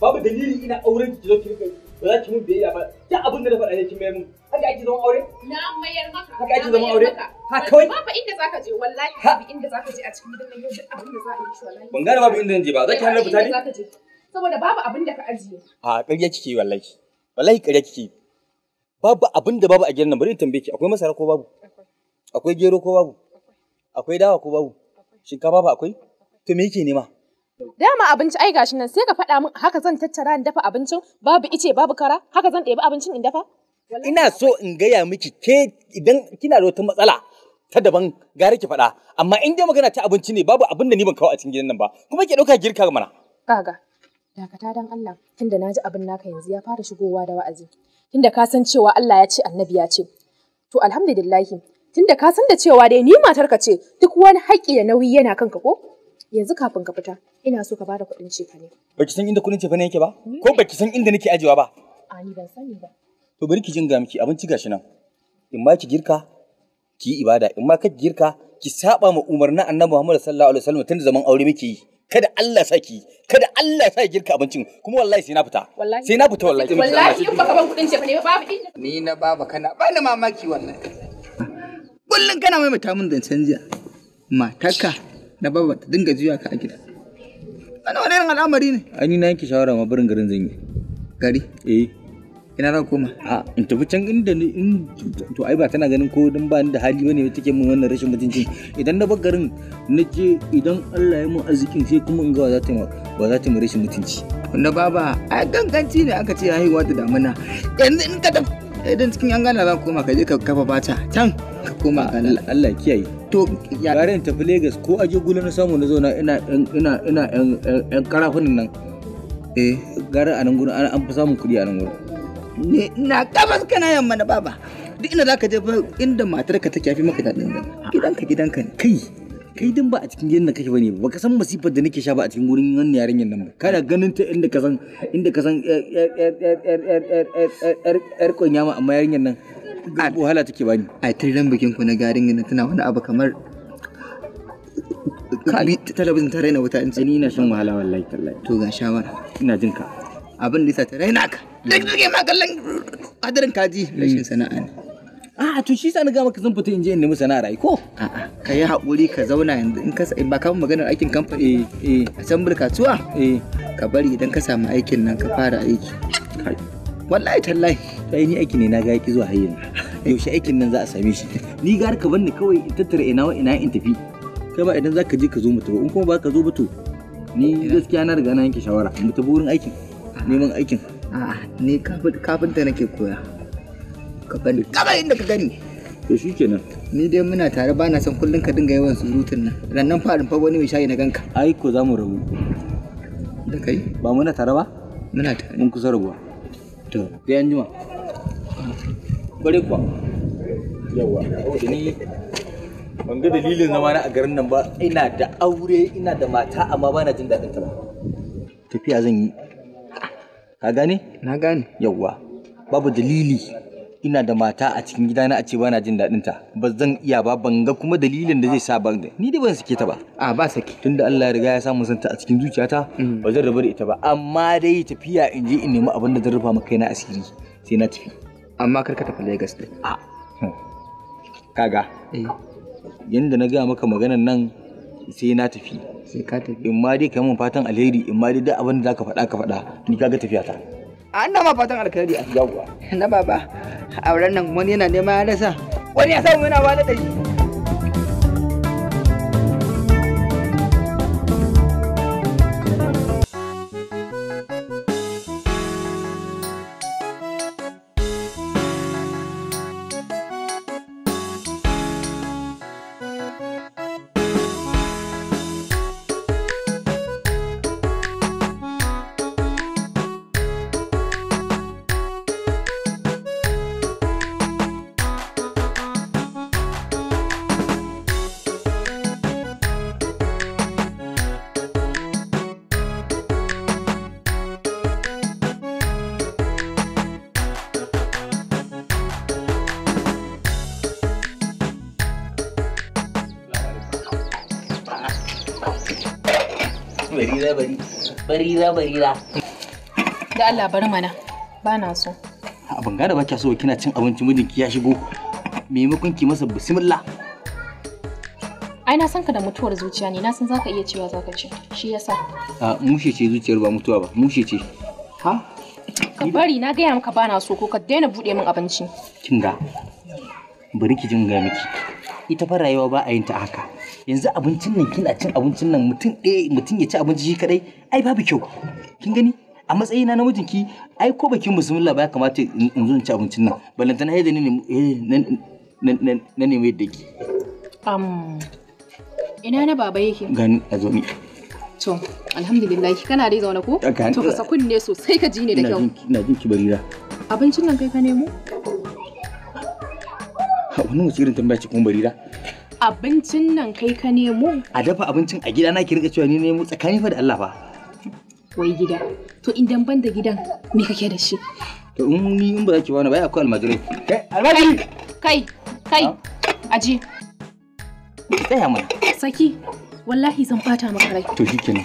babu dalili ina auren ki zo ki ba za ki mun biyayya ba ta abin da na faɗa ne kin mai mun haka ake zaman aure na mayar maka haka ake zaman aure ha kawai babu inda zaka je wallahi babu inda zaka je a cikin gidan nan yau duk abin da za a yi wallahi ban gane babu inda zan je ba zaki hannu fita ne saboda babu abin da ka ajiye. A ƙarya kike wallahi. Wallahi ƙarya kike. Babu abin da babu a gidan nan bari tambaye ki akwai masara ko babu? Akwai gero ko babu? Akwai dawa ko babu? Shinkafa ba akwai? To me yake nema? Dama abinci ai gashi nan sai ka faɗa min haka zan tattara in dafa abincin babu ice babu kara haka zan ɗebi abincin in dafa? Ina so in gaya miki ke idan kina da wata matsala ta daban gare ki faɗa amma in dai magana ta abinci ne babu abin da ni ban kawo a cikin gidan nan ba kuma ke ɗauka girka mana. Kaga. dakata dan Allah tunda na ji abin naka yanzu ya fara shigowa da wa'azi tunda ka san cewa Allah ya ce annabi ya ce to alhamdulillahi tunda ka san da cewa dai ni matarka ce duk wani haƙƙi da nauyi yana kanka ko yanzu kafin ka fita ina so ka bada kuɗin cefa ne baki san inda kuɗin cefa ne yake ba ko baki san inda nake ajewa ba a ni ban sani ba to bari ki jinga miki abinci gashi nan in ma ki girka ki yi ibada in ma ka girka ki saba ma umarnin annabi Muhammad sallallahu alaihi wasallam tunda zaman aure muke yi kada Allah saki kada Allah sa girka abincin kuma wallahi sai na fita sai na fita wallahi wallahi in baka ban kudin ce ne babu ni na baba kana ba ni mamaki wannan. kullun kana mai mata mun dan jiya mataka na baba ta dinga jiya ka a gida ana wani al'amari ne ani na yanke shawara ma barin garin zan yi gari eh ina ran koma a in tafi can inda ni in to ai ba tana ganin ko dan ba ni da hali bane take mun wannan rashin mutunci idan na bar garin na je idan Allah ya mu arzikin sai kuma in ga za ta ba za ta mu rashin mutunci na baba a ganganci ne aka ce haihuwa da damuna yanzu in ka idan cikin an gana za ka koma ka je ka kafa bata can ka koma Allah kiyaye to ya in tafi Lagos ko aje gulu na samu na zauna ina ina ina yan karafunan nan eh gara a nan gurin an fi samun kuɗi a nan gurin ne na gabas kana yamma na baba duk inda zaka je inda matarka take yafi maka daɗin idan gidanka gidanka ne kai kai din ba a cikin gidan kake bane ba ka san masifar da nake sha ba a cikin gurin wannan yarinyar nan ba kana ganin ta inda ka san inda ka san yar konya ma amma yarinyar nan wahala take bani a tirin bikin ku na garin yana tana wani abu kamar talabijin ta raina wuta in ce ni na shan wahala wallahi tallahi to ga shawara ina jinka ka abin da ta raina ka mm. duk duk ma kallon hadarin kaji mm. rashin sana'a ne a'a to shi sa na ka maka zan fita in je in nemi sana'a rai ko a'a ka yi haƙuri ka zauna yanzu in ka ba ka maganar aikin kamfani eh a can burkatuwa eh ka bari idan ka samu aikin nan ka fara aiki wallahi tallahi sai ni aiki ne na ga yaki zuwa hayyan yaushe aikin nan za a same shi ni gar ka banni kawai in tattara ina wa ina in tafi kai ba idan ka je ka zo mu tafi in kuma ba ka zo ba to ni gaskiya na riga na yanke shawara mu tafi wurin aikin neman aikin a'a ni kafinta nake koya kafani kamar inda ka gani to shi kenan ni dai muna tare ba na son kullum ka dinga yawan surutun nan rannan farin fa wani mai shayi na ganka ai ko za mu rabu da kai ba muna tare ba muna tare mun kusa rabuwa to sai yan juma bare kuwa yawa ni ban ga dalilin zama na a garin nan ba ina da aure ina da mata amma ba na jin daɗin ta ba tafiya zan yi Ka gane? Na gane. Yawwa. Babu dalili ina da mata a cikin gida na a ce bana jin daɗin ta. Ba zan iya ba ban ga kuma dalilin da zai sa ban da. Ni dai ban sake ta ba. A ba sake. Tunda Allah ya riga ya samu santa a cikin zuciyata mm. ba zan rabu da ita ba. Amma dai tafiya in je in nemi abin da zan rufa maka na asiri sai na tafi. Amma kar ka tafi Lagos din. A. Hmm. Kaga. Eh. Yanda na gaya maka maganar nan sai na tafi. sai ka tafi in ma dai kai mun fatan alheri in ma dai duk abin da zaka faɗa ka faɗa ni kaga tafiya ta an na ma fatan alheri a yawwa na baba auren nan wani yana nema ya rasa wani ya samu yana ba da dai bari barira da Allah bar mana ba na so abin gada ba kya so kina cin abinci mijinki ya shigo maimakon ki masa bismillah ai na san ka da mutuwar zuciya ne na san zaka iya cewa zaka ce shi yasa a mushe ce zuciyar ba mutuwa ba mushe ce ha ka bari na gaya maka bana so ko ka daina bude min abinci kinga bari ki jin ga miki ita fa rayuwa ba a yin ta haka yanzu abincin nan kina cin abincin nan mutum ɗaya mutum ya ci abinci shi kaɗai ai babu kyau kin gani a matsayina na mijinki ai ko bakin musulma ba ya kamata in zo in ci abincin nan balantana yadda ne eh, na nemi yadda ke ina na baba yake gani a zo ni to alhamdulillah kana dai zaune ko to ka sakun ne sosai ka ji ne da kyau ina jin ki barira abincin nan kai ka nemo wannan wasu irin tambaya ce kuma barira Abincin nan kai ka nemo? A dafa abincin a gida na ki rika cewa ni nemo tsakani fa da Allah fa. Wai gida. To idan ban da gidan me kake da shi? To in ni in ba za ki bani bai akwai almajiri. Kai almajiri. Kai kai aje. Tsaya mana. Saki wallahi zan fata maka rai. To shikenan.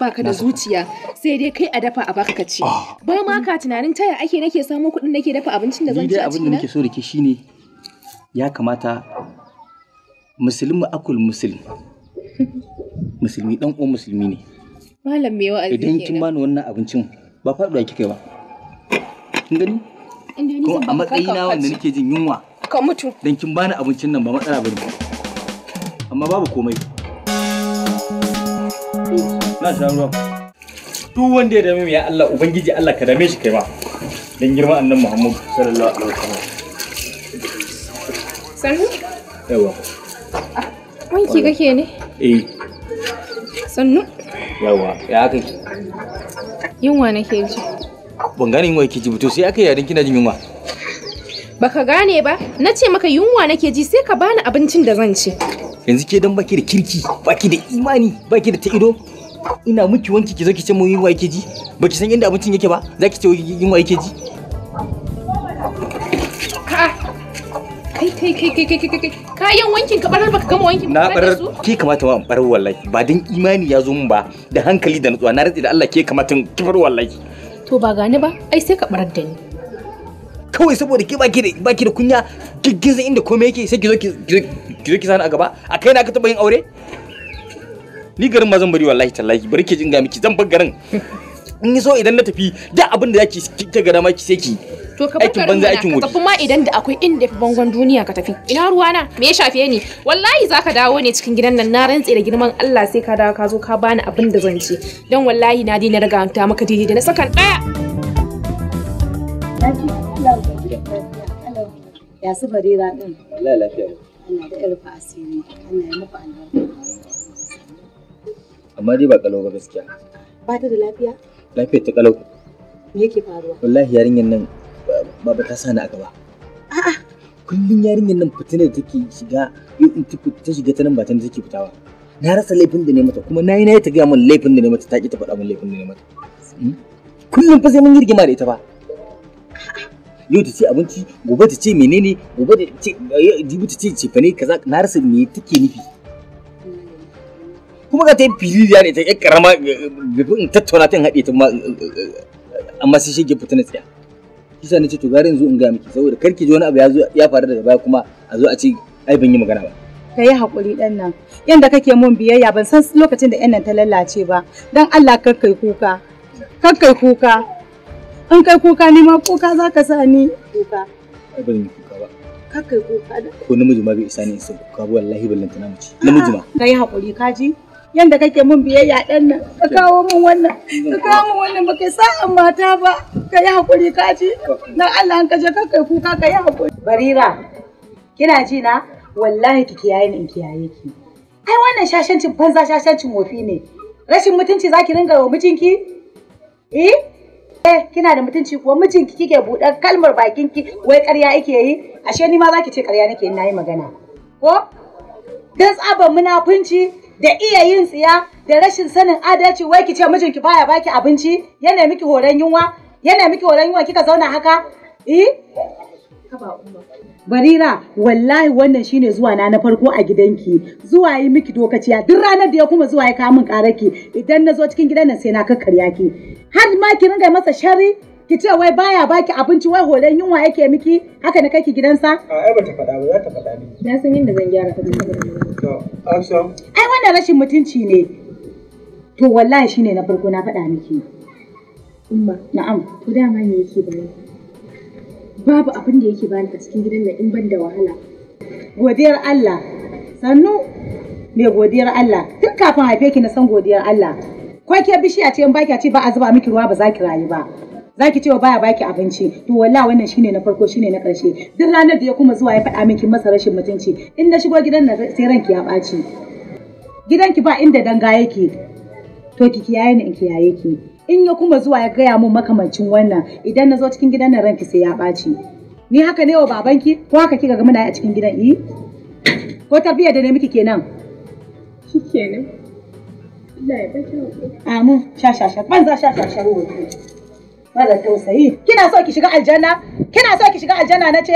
baka da zuciya sai dai kai a dafa a baka ka ci ah. ba ma ka tunanin taya ake nake samo kuɗin nake dafa abincin da zan ci a cikin abin da nake so da ke shine ya kamata musulmi akul musulmi musulmi dan uwan musulmi ne malam me wa'azi idan kin bani wannan abincin ba faɗuwa kika ba kin gani ko a na wanda nake jin yunwa ka mutu dan kin bani abincin nan ba matsala bane amma babu komai na sha ruwa duk wanda ya dame mu ya Allah ubangiji Allah ka dame shi kai ba dan girma annabi Muhammad sallallahu alaihi wasallam Sarhu? Yawa. wanki kake ne eh sannu yawa ya aka yi yunwa nake ji ban gane yunwa ke ji ba to sai aka yi yarin kina jin yunwa baka gane ba na ce maka yunwa nake ji sai ka bani abincin da zan ci yanzu ke dan baki da kirki baki da imani baki da ta ido ina miki wanki ki zo ki ce mu yunwa yake ji baki san inda abincin yake ba zaki ce yunwa ke ji kai kai kai kai kai kai kayan wankin ka barar baka gama wankin na barar ke kamata ma barar wallahi ba din imani ya zo min ba da hankali da nutsuwa na rantsi da Allah ke kamata ki bar wallahi to ba gani ba ai sai ka barar da ni kawai saboda ke baki da baki da kunya kin san inda komai yake sai ki zo ki zo ki sani a gaba a kai na ka taba yin aure ni garin ma zan bari wallahi tallahi bari ke jinga miki zan bar garin in yi so idan na tafi da abin da zaki kika ga dama ki sai ki to ka aikin banza aikin wuri tafi ma idan da akwai inda fi bangon duniya ka tafi ina ruwana me ya shafe ni wallahi zaka dawo ne cikin gidan nan na rantse da girman Allah sai ka dawo ka zo ka bani abin da zan ci dan wallahi na dina riga ta maka daidai da na sakan daya ya su barira din hmm, wallahi lafiya Allah da irfa asiri Allah ya muku albarka amma dai ba kalau ba gaskiya ba ta da lafiya lafiya ta kalau me yake faruwa wallahi yarinyar nan baba ta sani a gaba a'a kullum yarinyar nan fitinar take shiga in ta shiga ta nan ba ta take fitawa na rasa laifin da ne mata kuma na na nayi ta gaya min laifin da ne mata ta ki ta faɗa min laifin da ne mata hmm? kullum fa sai mun yi rigima da ita ba yau ta ce abinci gobe ta ce menene gobe ta ce eh, jibi ta ce cefane kaza na rasa me take nufi kuma ka ta yi fililiya ne ta yi karama eh, eh, in tattauna ta haɗe ta amma sai shige fitina tsaya kisa ne ce to gari yanzu in ga miki saboda kar ki ji wani abu ya zo ya faru daga baya kuma a zo a ce ai ban yi magana ba ka yi hakuri dan nan yanda kake mun biyayya ban san lokacin da 'yan ta lallace ba dan Allah kar kai kuka kar kai kuka in kai kuka ni ma kuka za ka sa ni kuka ai ban yi kuka ba kar kai kuka ko namiji ma bai isa ni in kuka ba wallahi ballan ta namiji namiji ma ka yi hakuri ka ji yanda kake mun biyayya ɗan nan ka kawo mun wannan ka kawo mun wannan baka sa'an mata ba ka yi hakuri ka ji dan Allah an kaje kai kuka ka yi hakuri barira kina ji na wallahi ki kiyaye ni in kiyaye ki ai wannan shashancin banza shashancin wofi ne rashin mutunci zaki ringa wa mijinki eh eh kina da mutunci kuwa mijinki kike buɗe kalmar bakinki wai ƙarya yake yi ashe ni ma zaki ce ƙarya nake yin nayi magana ko dan tsaban munafunci da iya yin tsiya da rashin sanin adalci wai ki ce mijinki baya baki abinci yana miki horon yunwa yana miki horon yunwa kika zauna haka eh Barira wallahi wannan shine zuwa na na farko a gidanki zuwa yi miki dokaciya duk ranar da ya kuma zuwa ya kawo min ki, idan na zo cikin gidan nan sai na kakkarya ki har ma ki ringa masa sharri ki ce wai baya baki abinci wai holen yunwa yake miki haka na kai gidansa? A ai bata faɗa ba za ta faɗa ne. Na san yadda zan gyara ta Ai wannan rashin mutunci ne. To wallahi shine na farko na faɗa miki. Umma. Na'am. Ku dama ne yake bani? Babu abin da yake bani a cikin gidan nan in ban da wahala. Godiyar Allah. Sannu mai godiyar Allah. Tun kafin haife ki na san godiyar Allah. Ko ke bishiya ce in baki a ce ba a zuba miki ruwa ba za ki rayu ba. zaki cewa baya baki abinci to wallahi wannan shine na farko shine na karshe duk ranar da ya kuma zuwa ya faɗa min kin masa rashin mutunci in na shigo gidan nan sai ranki ya ɓaci gidanki ba inda danga yake to ki kiyaye ni in kiyaye ki in ya kuma zuwa ya gaya mun makamancin wannan idan na zo cikin gidan nan ranki sai ya ɓaci ni haka ne wa babanki ko haka kika ga muna a cikin gidan yi eh. ko tarbiyyar da ne miki kenan shikenan Allah ya Amin sha sha sha ban za sha sha sha mara tausayi kina so ki shiga aljanna kina so ki shiga aljanna na ce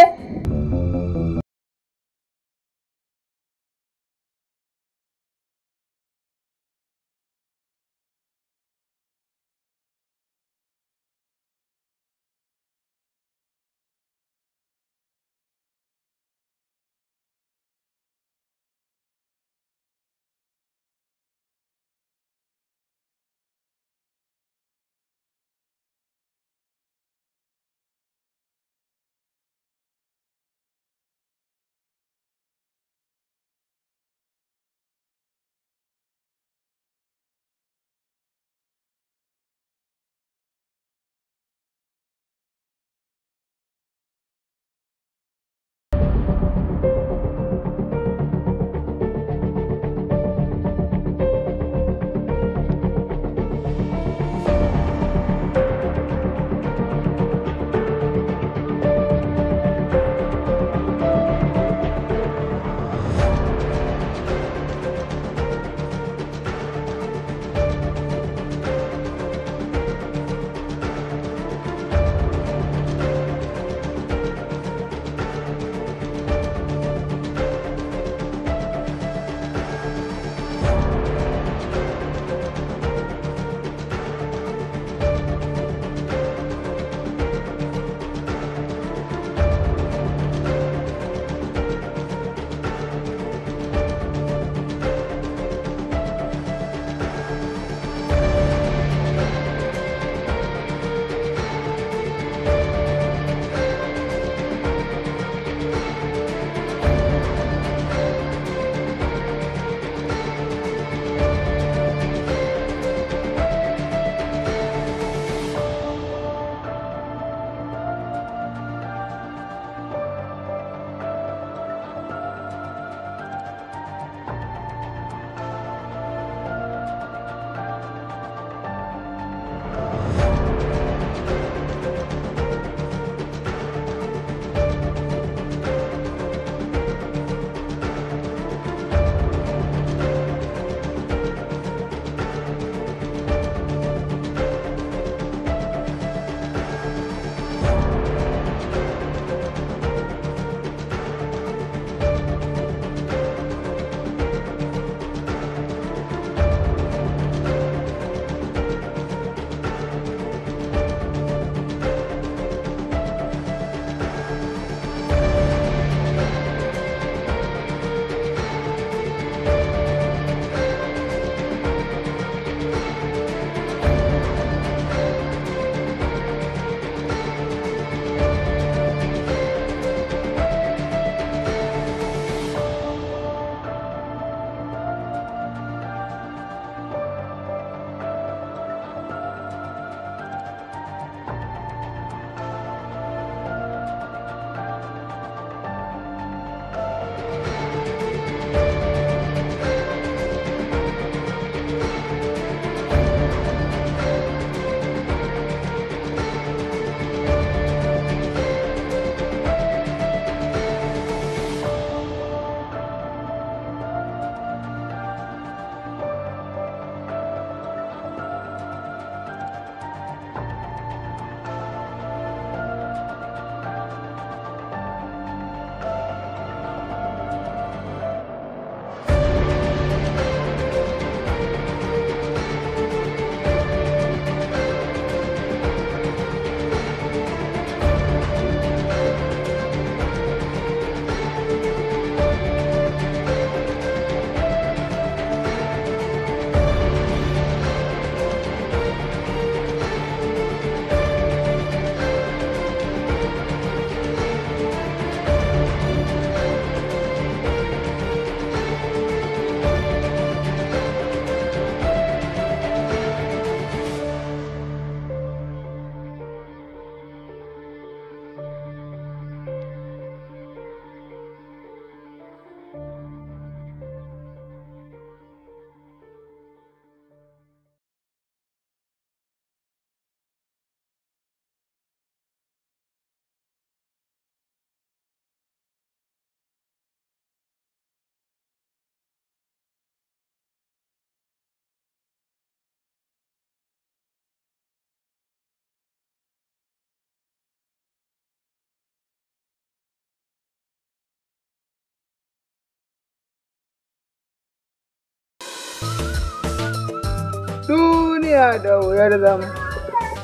Duniya da wuyar zama,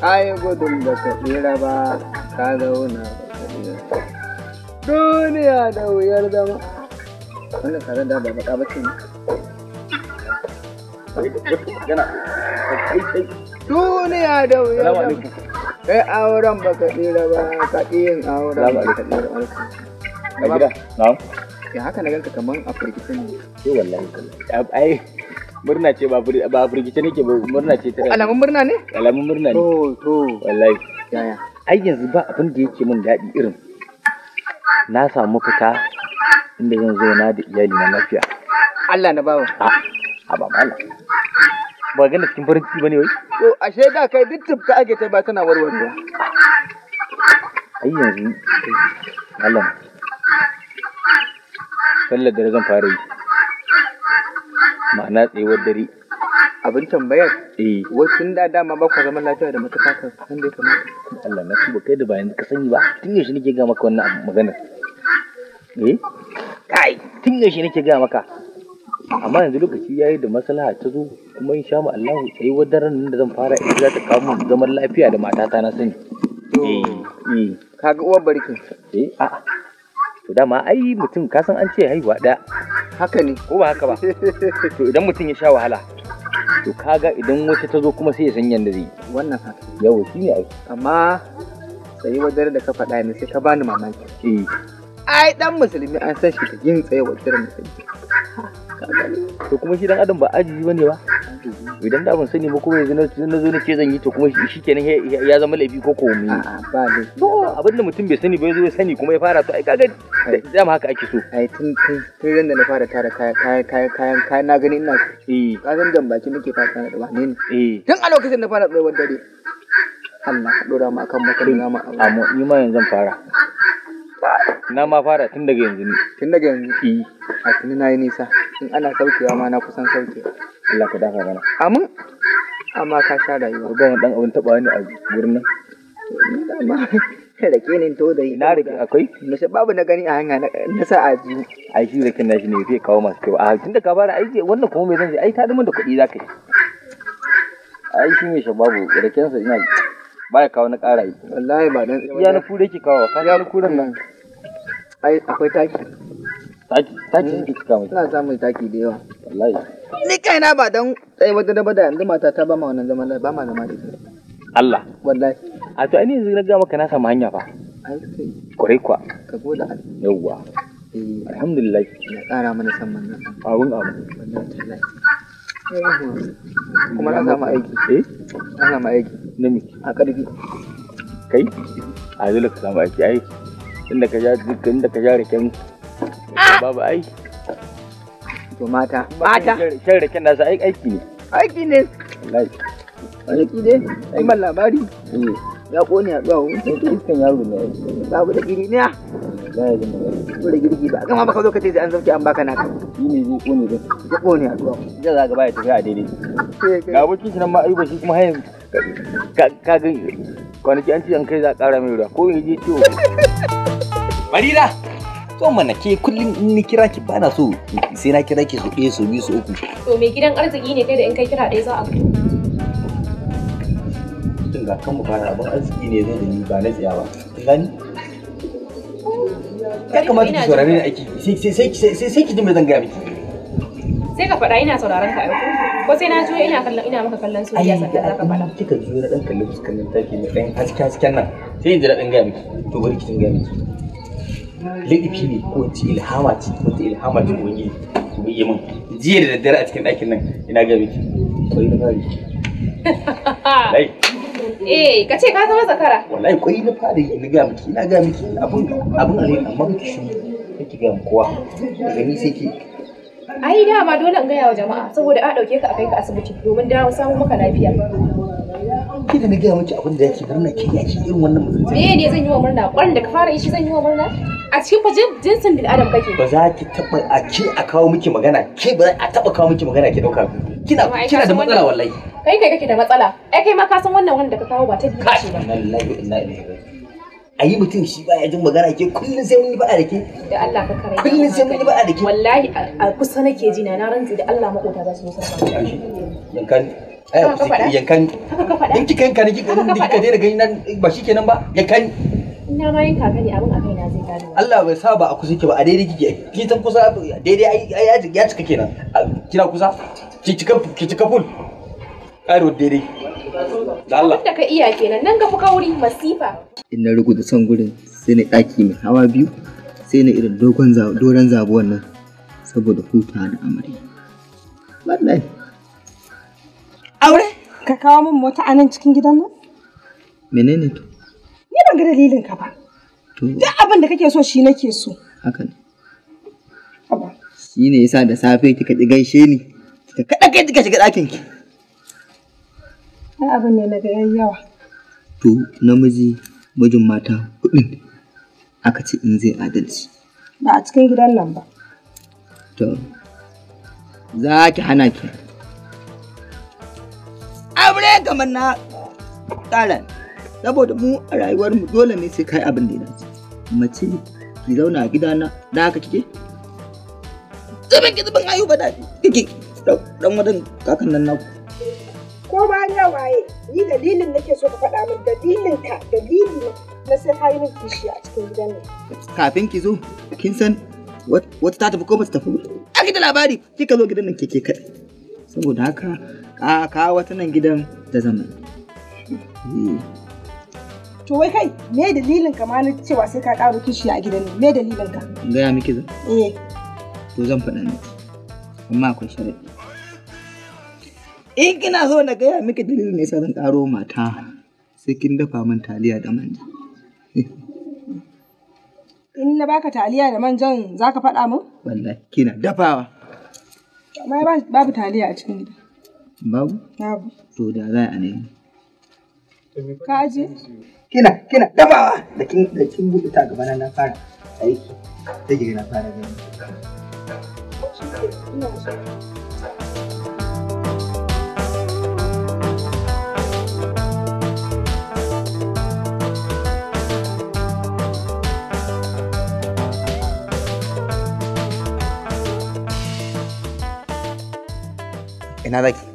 ai gudun da ka ba, ka zauna ka Duniya da wuyar zama. wani da ba baka ne. Duniya da wuyar zama. Kai auren ba ka tsira ba, ka yin auren ba ka tsira ba. a firgitin ne. Ke eh, wallahi. Ai. murna ce ba ba firgice nake ba murna ce tare alamun murna ne alamun murna ne to to wallahi yaya ai yanzu ba abin da yake min daɗi irin na samu fita inda zan zo na da iyali na lafiya Allah na bawa a ba mala ba gana cikin farin ciki bane wai to ashe da kai duk tufka ake ta ba tana warwarewa ai yanzu Allah sallar da zan fara yi ma'ana tsayuwar dare abin tambayar eh wacin da dama ba ku zama lafiya da mutaka kan san da kamata Allah na tuba kai da bayan ka sani ba tun yaushe nake ga maka wannan magana eh kai tun yaushe nake ga maka amma yanzu lokaci yayi da maslaha ta zo kuma insha Allah tsayuwar daren nan da zan fara in za ta kawo min zaman lafiya da matata na sani eh eh kaga uwar barkin? eh a'a to dama ai mutum kasan an ce haihuwa daya haka ne ko ba haka ba to idan mutum ya sha wahala to kaga idan wata ta zo kuma sai ya san yanda zai wannan haka yawo shi ne aiki amma sai wadar da ka faɗa ne sai ka bani mamaki eh ai dan musulmi an san shi da yin tsaye wadar musulmi to kuma shi dan adam ba ajiji bane ba idan da ban sani ba kuma yanzu na zo na ce zan yi to kuma shi kenan ya zama laifi ko ko A'a ba ne. to abinda mutum bai sani ba ya zo ya sani kuma ya fara to ai kaga dama haka ake so ai tun tun tun da na fara tara kayan kayan kayan kayan na gani ina eh ka san dan baki nake fata na ba ne eh tun a lokacin na fara tsayawar dare Allah ka dora mu akan makarin Allah amma ni ma yanzu zan fara Na ma fara tun daga yanzu ne. Tun daga yanzu? Eh. A tuni na yi nisa. In ana saukewa ma na kusan sauke. Allah ka dafa mana. Amin. Amma ka sha rayuwa. Ba wani ɗan abin taɓa wani a gurin nan. rake ne to da Na rake akwai nasa babu na gani a hanya na sa a ji ai shi na shi ne zai kawo masu kyau a tunda ka fara aiki wannan kuma mai zan je ai ta da kuɗi za ka yi ai shi mai shababu raken sa ina baya kawo na ƙara yi wallahi ba dan Iya na kure ki kawo ka ya kuren nan ai akwai taki taki taki ne hmm. ki kawo ina samun taki da yawa wallahi ni kai na ba dan tsaye wata da bada yanzu mata ta ba ma wannan zaman ba ma zama da Allah wallahi a to ai ne yanzu na ga maka na samu hanya fa Ai Kore kwa ka gode Allah. yawwa eh. alhamdulillah ya ƙara mana san mannan abun abun wallahi kuma na samu aiki eh na samu aiki namiji a ƙarfi kai a dole ka samu aiki ai inda ka ja dukkan inda ka ja raken ah! babu ai to mata mata shan raken nasu aiki ne aiki ne wallahi aiki ne ai man labari ya kone a tsawo sai ta iskan yaro ne babu da giri ne ko da girgi ba kama baka zo ka ce an sauke an baka naka shi ne zai kone din ya kone a tsawo ya za ga baya tafiya a daidai ga abokin shi nan ma ayuba shi kuma hayan ka gan kwanaki an ce an kai za a ƙara mai ruwa ko in je ciwo marina so mana ke kullum in ni kira ki bana so sai na kira ki so ɗaya so biyu so uku to me gidan arziki ne kai da in kai kira ɗaya za a mutum ga kan fara abin arziki ne zai da ni ba na tsaya ba gani ya kamata ki saurare ne aiki sai ki ji mai zanga gaya miki sai ka faɗa ina sauraron ka aiko ko sai na juya ina kallon ina maka kallon soyayya sannan za ka faɗa kika juyo na ɗan kallon fuskar nan take mai ɗan haske hasken nan sai in ji daɗin gaya miki to bari ki gaya miki laifi ne ko ce ilhama ce ko wata ilhama ce ko yi ko yi min jiya da daddare a cikin ɗakin nan ina gaya miki kwai na fari lai eh ka ce ka zama zakara wallahi kwai na fari na gaya miki ina gaya miki abun abun alai amma miki shi kike gaya kowa daga ni sai ki ai dama dole in gaya wa jama'a saboda a dauke ka a kai ka asibiti domin dawo samu maka lafiya ki da na gaya miki abin da yake murna ke yaki irin wannan mutunci me ne zan yi wa murna ƙwarin da ka fara yi shi zan yi wa murna a cikin fajin jinsin bil adam kake ba za ki taba a ke a kawo miki magana ke ba a taba kawo miki magana ki dauka kina kina da matsala wallahi kai kai kake da matsala ai kai ma ka san wannan wanda ka kawo ba ta ba ce ba wallahi inna ilaihi a yi mutum shi baya jin magana ke kullum sai mun yi ba'a da ke da Allah ka kare kullum sai mun yi ba'a da ke wallahi a kusa nake ji na na rantsi da Allah makota za su musa yankan eh, ai ku sai yankan haka ka faɗa in kika yanka ne kika kika daina gani nan ba kenan ba yankan ina ma yanka kane abin a kaina zai gane Allah bai sa ba a kusa ke ba a daidai kike ki tan kusa daidai ai ya cika kenan kina kusa ki cika ki cika full rod daidai da Allah da ka iya kenan nan ga fuka wuri masifa in na rugu da son gurin sai na daki mai hawa biyu sai na irin dogon doran zabuwan nan saboda huta da amare. wallahi aure ka kawo min mota a nan cikin gidan nan menene to ni ban ga dalilin ka ba duk abin da kake so shi nake so haka ne shi ne yasa da safe kika ji gaishe ni kika kada kai kika shiga ɗakin ki Ai abin ne na ga yawa. To namiji mijin mata kuɗin aka ce in zai adalci. Ba a cikin gidan nan ba. To, za ki hana ki. Aure kamar na ƙaran, saboda mu a rayuwarmu dole ne sai kai abin da ya dace. Mace ki zauna a gidana da haka kike? Zubin ki zubin ayuba da kike ɗan wadan kakan nan naku. ko ba ya waye ni dalilin nake so ka faɗa min dalilin ka dalili na sai ka yi min kishi a cikin gidan mu. kafin ki zo kin san wata ta tafi ko ba ta tafi a da labari kika zo gidan nan keke kaɗai saboda haka ka wata nan gidan da zama eh. to wai kai me dalilin ka ma na cewa sai ka ƙaro kishi a gidan me dalilin ka gaya miki zan eh to zan faɗa miki amma akwai sharaɗi in kina so na gaya miki dalilin ne zan karo mata sai kin dafa min taliya da manja in na baka taliya da manjan za ka faɗa min wallahi kina dafawa amma babu taliya a cikin gida babu babu to da za a nemi ka aje kina kina dafawa da kin da kin buɗe ta gaba na fara aiki take na fara gani Thank you. na zaki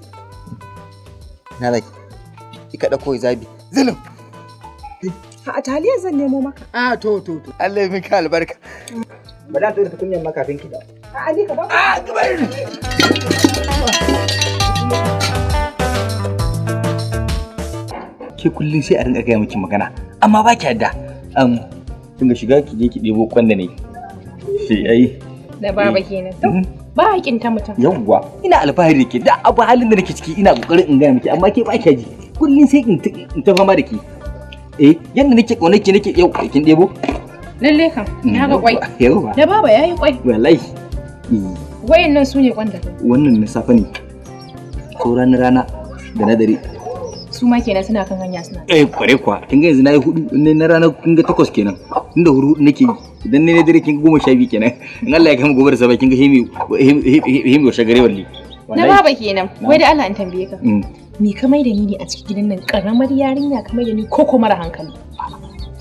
na zaki ki kada koi zabi zulum a taliya zan nemo maka a to to to Allah ya miki albarka ba za ta ka kunyan maka kafin ki da a ni ka ba a ka bari ke kullun sai a rinka gaya miki magana amma ba ki yadda an kinga shiga ki je ki debo kwanda ne sai ai da baba eh. kenan mhm. ba haƙin ta mutum yawwa ina alfahari ke da abu halin da nake ciki ina kokarin in gaya miki amma ke ba ki ji kullun sai in ta fama da ke eh yanda nake kaunar ki nake yau kin debo lalle kam mm, na ga kwai yawwa da baba yayi kwai wallahi wayannan su ne kwanda wannan na safa ne ko ran rana da na dare su ma kenan suna kan hanya suna. Eh kware kwa kin ga yanzu nayi hudu ne na rana kin ga takwas kenan inda huru nake yi. idan ne dare kin goma sha biyu kenan in Allah ya kai mu gobe da sabai kin ga himi himi wa shagare walli na baba kenan wai da Allah an tambaye ka mm. me ka mai da ni ne a cikin gidan nan karamar yarinya ka mai da ni ko ko mara hankali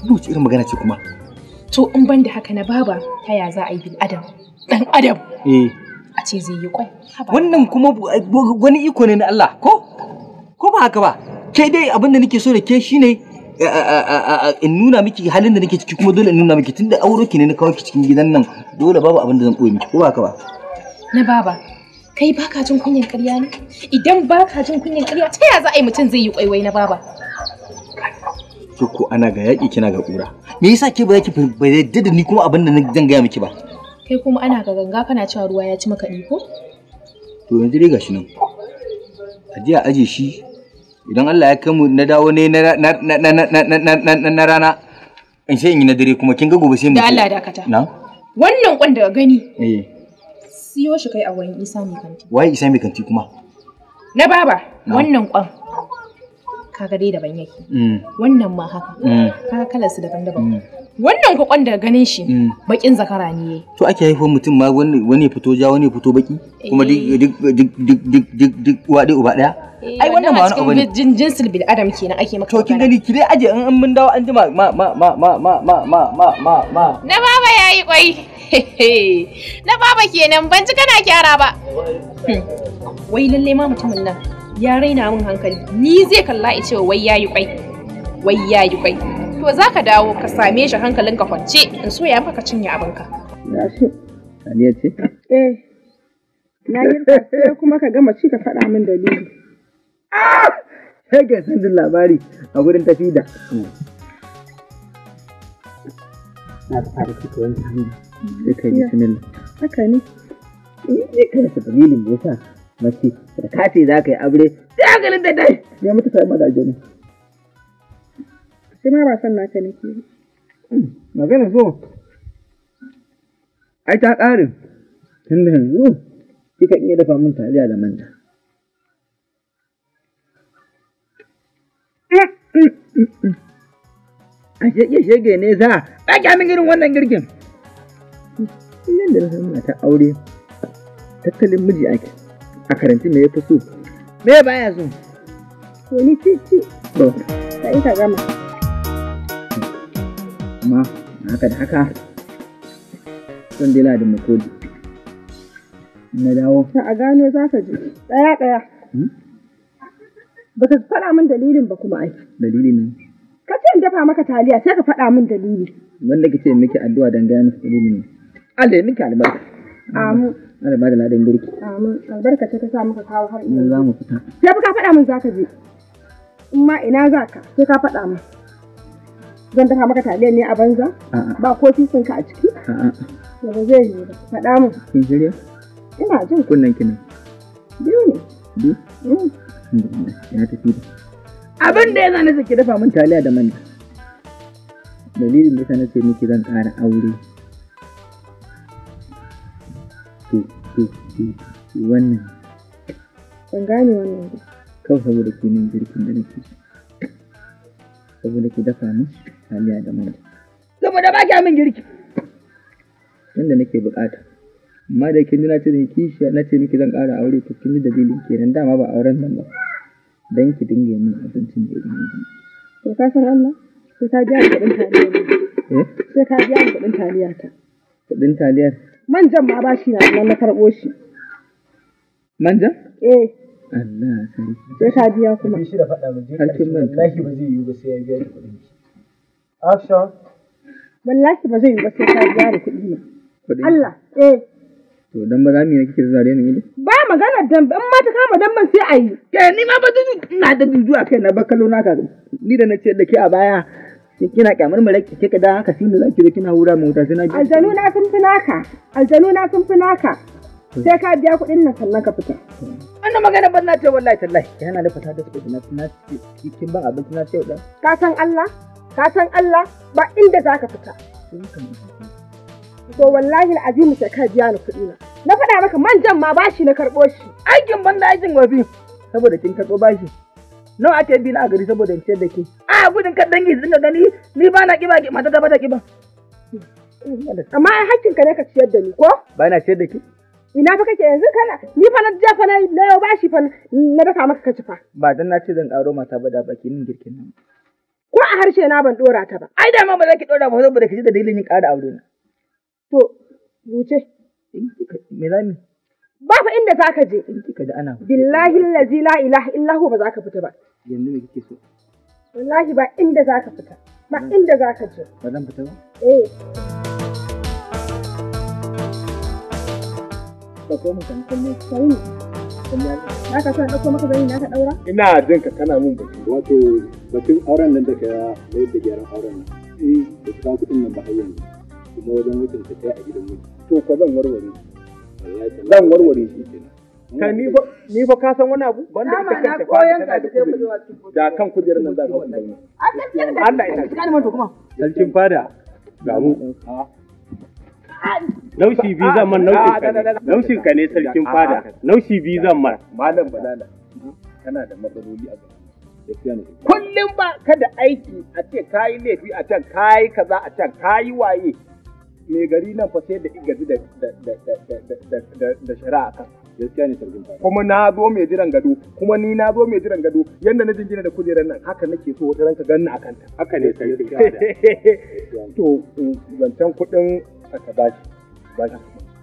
Duci irin magana ce kuma to in ban da haka na baba ta ya za a yi bil adam dan adam eh a ce zai yi kwai wannan kuma wani iko ne na Allah ko ko ba haka ba kai dai abin da nake so da ke shine Eh, eh, eh, in nuna miki halin da nake ciki kuma dole in nuna miki tunda auro ki ne na kawo ki cikin gidan nan dole babu abin da zan koyi miki ko ba ka ba na baba kai baka jin kunyan ƙarya ne idan baka jin kunyan ƙarya ta ya za a yi mutum zai yi kwaiwai na baba ke ko ana ga yaƙi kina ga ƙura me yasa ke ba za ki yadda da ni kuma abin da zan gaya miki ba kai kuma ana ga ganga kana cewa ruwa ya ci maka ɗiko to yanzu dai gashi nan a je a aje shi idan Allah ya kai mu na dawo ne na rana in sai in yi na dare kuma kin ga gobe sai mu da Allah dakata na wannan kun daga gani eh siyo shi kai a wurin Isa mai kanti wai Isa mai kanti kuma na baba wannan kun kaga dai daban yake mm. wannan ma haka mm. kaga kalar su daban-daban mm. wannan ku kun da ganin shi bakin zakara ne to ake haifo mutum ma wani ya fito ja wani fito baki kuma eh. duk duk duk duk duk duk uwa uba daya Eh, ai wannan ba wani abu ne jinsin bil adam kenan ake maka to kin gani ki dai aje in mun dawo an ji ma ma ma ma ma ma ma ma ma ma na baba yayi kwai na baba kenan ban ji kana kyara ba hmm. wai lalle ma mutumin nan ya raina min hankali ni zai kalla ice ce wai yayi kwai wai yayi kwai to zaka dawo ka same shi hankalin ka kwance in so ya maka cinye abinka na shi Aliya Eh, na yi ka kuma ka gama ci ka faɗa min dalili. Shagen san jin labari a wurin tafi da su. Na ta fara cika wani hannu. Sai kai bismillah. Haka ne. ne kai da dalilin da sa mace da kace za ka yi aure sai hankalin da dai. Ya mutu sai mada gani Sai ma ba san naka nake. Magana so. Ai ta ƙarin. Tun da yanzu kika iya dafa mun taliya da manta. a shege shege ne za a ƙya min irin wannan girgin kullum da nasarar mata aure tattalin miji ake a karanci me ya fi so me baya so to ni ci ci ka yi ka gama amma haka da haka zan dela da makodi na dawo ta a gano za ka ji ɗaya tsaya hmm? Ba ka faɗa min dalilin ba kuma ai. Dalili ne. Ka ce in dafa maka taliya sai ka faɗa min dalili. Wanda ka ce miki addu'a dan gaya miki dalili ne. Allah ya miki albarka. Amin. Allah ba da ladan girki. Amin. Albarka ce ta sa muka kawo har ina. Za mu fita. Sai fa ka faɗa min zaka je. In ma ina zaka sai ka faɗa min. Zan dafa maka taliya ne a banza? Ba kofi sun ka a ciki? A'a. Ba zai yi ba. Faɗa min. Kin shirya? Ina jin kunnen kina. Biyu ne. Biyu? Mm. lokacin da na tafi da abin da yana nasa ki dafa min taliya da manja dalilin da na ce miki zan ƙara aure to to wannan ban gane wannan kawai saboda ke min girkin da nake saboda ki dafa min taliya da manja saboda ba ki amin girki wanda nake bukata amma da kin ji na ce miki kishiya na ce miki zan ƙara aure to kin ji dalilin kenan dama ba auren nan ba dan ki dinga yin abincin da irin yanzu to ka san Allah sai ka biya kuɗin taliya eh sai ka biya kuɗin taliya ta kuɗin taliyar manjan ma ba shi na na karɓo shi manjan eh Allah sarki sai ka biya kuma shi da faɗa mu je wallahi ba zai yiwu ba sai ya biya kuɗin action wallahi ba zai yi ba sai ka biya da kuɗi Allah eh To dan ba za mu yi kike zare ni Ba magana dan in ma ta kama dan ban sai yi. Ke eh, ni ma ba ina da juju a kai na ba kallo na ka. Ni da na ce da ke a baya kina kyamar mu rake kika da haka sinu zaki da kina hura mu wuta sai na ji. Aljanu na sun fi naka. Aljanu na sun fi naka. Sai ka biya kuɗin nan sannan ka fita. Wannan magana ban na ce wallahi tallahi yana da fata da kuɗi na na kin ban abinci na ce da. Ka san Allah? Ka san Allah ba inda zaka fita. To wallahi al'azimi sai ka biya ni kuɗi na. Na faɗa maka manjan ma bashi na karɓo shi. Aikin banda aikin wafi. Saboda kin karɓo bashi. Nawa ake bi na a gari saboda in ciyar da ke. A gudun kan dangi sun ga gani ni ba na ƙiba mata ta bata ƙiba. Amma ai ka ne ka ciyar da ni ko? Ba na ciyar da ki. Ina fa kake yanzu kana ni fa na jafa na na yau bashi fa na daka maka ka fa. Ba dan na ce zan ƙaro mata ba da baki min girkin nan. Ko a harshe na ban dora ta ba. Ai da ma ba za ki dora ba saboda ki ji da dalilin yin ƙara aure na. To, wuce. Me za mu? Ba fa inda za ka je. In kika da ana. Billahi lazi la ilaha illahu ba za ka fita ba. Yanzu me kike so? Wallahi ba inda za ka fita. Ba inda za ka je. Ba zan fita ba? Eh. Ba ko mu san kalle sai ne. Na ka san ɗauko maka zani na ka ɗaura? Ina jin ka kana mun baki. Wato batun auren nan da ka yi da gyaran auren nan. Eh, da ka kuɗin nan ba har yanzu. kuma wajen ta kai a gidan mutum. to ko zan warware shi. zan warware shi kenan ka ni fa ni fa ka san wani abu banda ita kanta fa tana da kujera da kan kujerar nan za ka ku zauna Allah ya tsare manta kuma sarkin fada ga mu Naushi bi ah, zan man naushin ah, ka ne naushin ka ne sarkin ah, fada naushi bi zan man malam balala kana da matsaloli a gaba kullum ba kada aiki a ce kayi laifi a can kayi kaza a can kayi waye mai gari nan fa sai da igaji da da shari'a kan gaskiya ne sarkin fara kuma na zo mai jiran gado kuma ni na zo mai jiran gado yanda na jingina da kujerar nan haka nake so wata ranka ganna akan ta haka ne sarkin fara to um, zancen kuɗin aka bashi bashi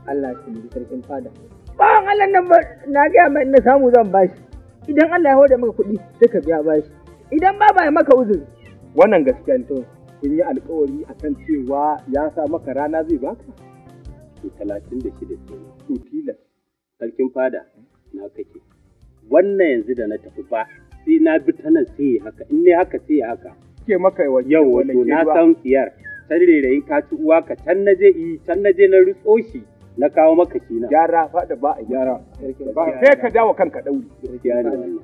Allah ya tsini sarkin fada bawan Allah nan na gaya mai na samu zan bashi idan Allah ya hoda maka kuɗi sai ka biya bashi idan ba ba maka uzuri wannan gaskiya ne to kun yi alkawari kan cewa ya sa maka rana zai baka? To talatin da shida ke to tilas sarkin fada na kake. Wannan yanzu da na tafi ba sai na bi ta nan sai haka in ne haka sai haka. Ke maka wajen yau wato na san siyar. Can rerayin ka ci uwa ka can na je yi eh, can na je na rutso shi na kawo maka shi na. Gyara fada ba a gyara. Sai ka dawo kanka ɗauri. Gaskiya ne.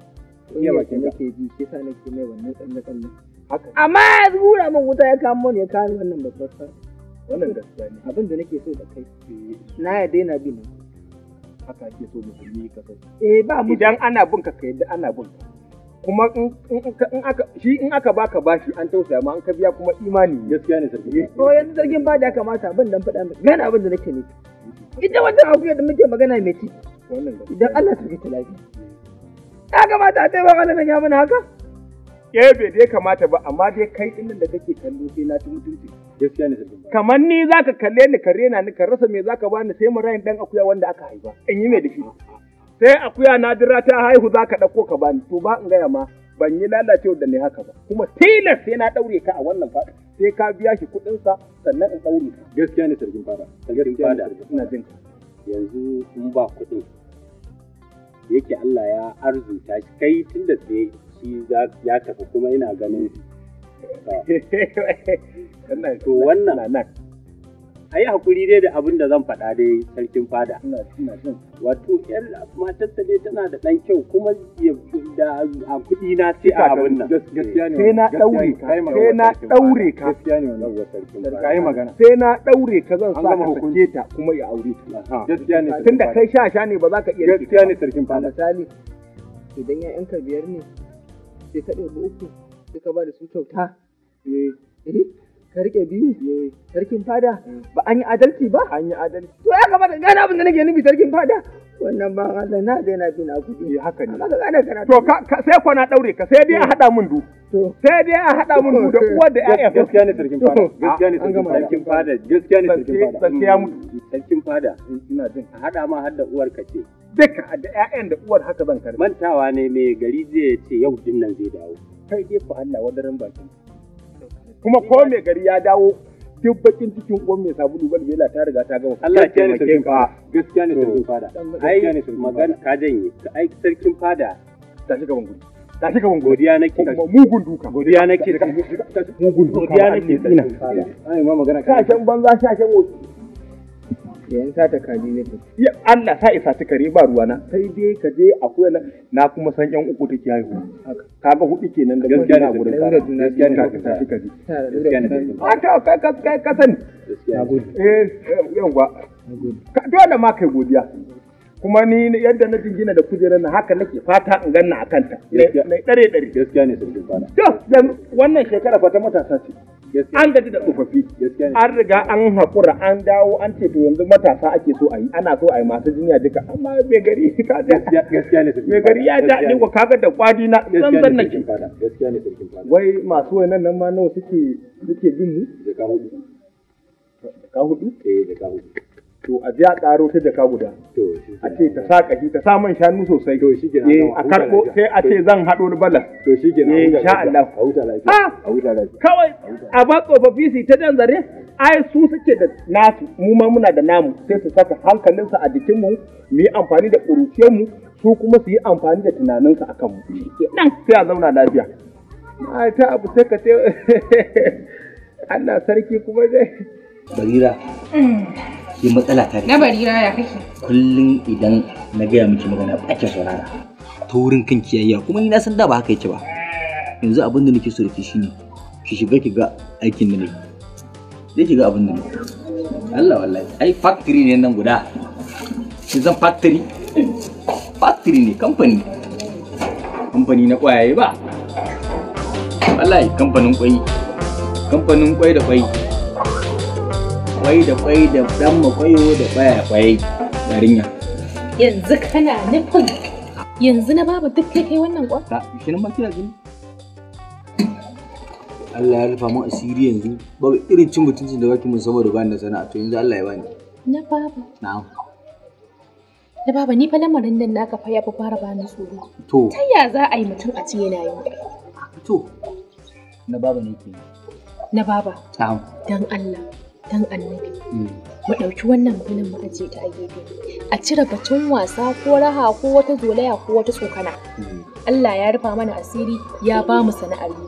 Yau ke nake ji shi sa nake mai wannan tsalle-tsalle. Amma ya zura min wuta ya kamo ne ya kawo wannan babbar sa. Wannan gaskiya ne abin da nake so da kai eh, na ya daina bin haka ake so musulmi ka Eh ba mu idan ana bin ka kai ana bin ka. Kuma in aka shi in aka baka bashi an tausaya ma an ka biya kuma imani gaskiya ne sarki. To yanzu zargin ba da ya kamata abin da faɗa mai gane abin da nake ne. Ita wannan akuyar da muke magana mai ci. Idan Allah ta ta lafiya. Ya kamata a taimaka mana ya mana haka. eh bai dai kamata ba amma dai kai din da kake kallo sai na ci mutunci gaskiya ne kamar ni zaka kalle ni ka rena ni ka rasa me zaka bani sai mu rayin dan akuya wanda aka haifa in yi me da shi sai akuya na dira ta haihu zaka dauko ka bani to ba in gaya ma ban yi lalacewa da ni haka ba kuma tilas sai na daure ka a wannan fada sai ka biya shi kuɗin sa sannan in daure ka gaskiya ne sarkin Fara. sarkin fada ina jin ka yanzu in ba kuɗin yake Allah ya arzuta kai tun da sai shi ya tafi kuma ina ganin to wannan a yi hakuri dai da abin da zan faɗa dai sarkin fada wato yar matarsa dai tana da ɗan kyau kuma da a kuɗi na sai a abin nan sai na ɗaure ka sai na ɗaure ka sai na ɗaure ka zan sa ka sake ta kuma ya aure ta gaskiya tunda kai sha sha ne ba za ka iya gaskiya ne sarkin fada misali idan ya yanka biyar ne sai ka ɗebi uku sai ka ba da su kyauta eh, eh? ka rike biyu eh. sarkin fada eh. ba an yi adalci ba an yi adalci to ya kamata gane abin da nake nufi sarkin fada wannan ba Allah na zai na bi na ya eh, haka ne ka gane kana to ka, sai ko na daure ka sai dai a hada mun du sai dai a hada mun du da uwar da ƴaƴa gaskiya ne sarkin fada gaskiya ne ah, sarkin fada gaskiya ne sarkin fada gaskiya mu mm. sarkin fada ina jin a hada ma har da uwar ka ce duka da ƴaƴan da uwar haka zan karbi mantawa ne mai gari zai ce yau din nan zai dawo kai dai fa Allah wadaran bakin kuma ko mai gari ya dawo duk bakin cikin uwan mai sabulu bal bela ta riga ta gama Allah ya taimake ka gaskiya ne sarkin fada ai magana ka janye ai sarkin fada ta shiga bangu ta shiga bangu godiya nake mugun duka godiya nake mugun duka godiya nake ina ai ma magana ka shan banza sha shan wofi yan sata kaji ne ta ya Allah sa isa ta kare ba ruwana sai dai ka je akwai na kuma san yan uku take haihuwa kaga hudu kenan da gaskiya na gurin ka gaskiya ne kaji gaskiya ne ka ka ka ka ka san eh Ka dole ma kai godiya kuma ni yadda na jingina da kujerar na haka nake fata in ganna a kanta. Na ɗare ɗare. Gaskiya ne sabbin bana. To, wannan shekara fata matasa ce. an gaji da tsofaffi an riga an haƙura an dawo an ce to yanzu matasa ake so a yi ana so a yi masu jinya duka amma mai gari ka da mai gari ya da ni wa kaga da kwadi na zan zan na wai masu wannan nan ma nawa suke suke bin mu da ka hudu da ka hudu eh da ka hudu to a ji a ƙaro ta jaka guda a ce ta sa ƙashi ta sa man shanu sosai to shi kenan eh, a karɓo sai a ce zan haɗo da balas to shi kenan eh, insha Allah a huta lafiya ah! a huta lafiya kawai a ba tsofaffi su ta jan zare ai su suke da nasu mu ma muna da namu sai su saka hankalinsa a jikinmu mu yi amfani da ƙuruciyarmu su kuma su yi amfani da tunaninsa a kanmu nan sai a zauna lafiya ta abu sai ka ce Allah sarki kuma zai. barira mm. ke matsala ta na bari raya kake kullum idan na gaya miki magana ba ki saurara ta wurin kan kiyayya kuma ni na san da ba haka yake ba yanzu abin da nake so da ki shine ki shiga ki ga aikin da ne zai ki ga abin da nake Allah wallahi ai factory ne nan guda shi zan factory factory ne kamfani kamfani na kwayaye ba wallahi kamfanin kwai kamfanin kwai da kwai kwai da kwai da dan makwayo da baya kwai yarinya yanzu kana nufin yanzu na babu duk kai wannan kwa ta ma kina gani Allah ya rufa mu asiri yanzu babu irin cin mutuncin da baki mun saboda bani da sana'a to yanzu Allah ya bani na baba na'am na baba ni fa lamarin nan naka fa ya fi fara bani tsoro to ta ya za a yi mutum a ci yana yi to na baba ne ke na baba ta'am dan Allah dan annabi hmm. mu ɗauki wannan gunin mu aje ta a gefe a cire batun wasa ko raha ko wata zolaya ko wata tsokana hmm. Allah ya rufa mana asiri ya ba mu sana'ar yi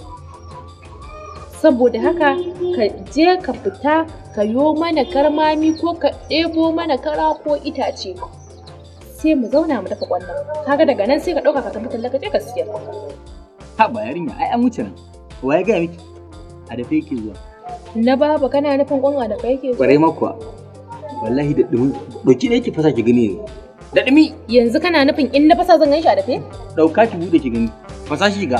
saboda haka ka je ka fita ka yo mana karmami ko ka ɗebo mana kara ko itace sai mu zauna mu dafa kwallon kaga daga nan sai ka ɗauka ka tafi tallaka je ka siyar ha ba yarinya ai an wuce nan wa ya miki a dafe yake zuwa Na baba kana nufin ƙunga da kai ke so? ma makuwa. Wallahi da dumin dauki da yake fasa ki gani ne. Da dumi. Yanzu kana nufin in na fasa zan gan shi a dafe? Dauka ki bude ki gani. Fasa shi ga.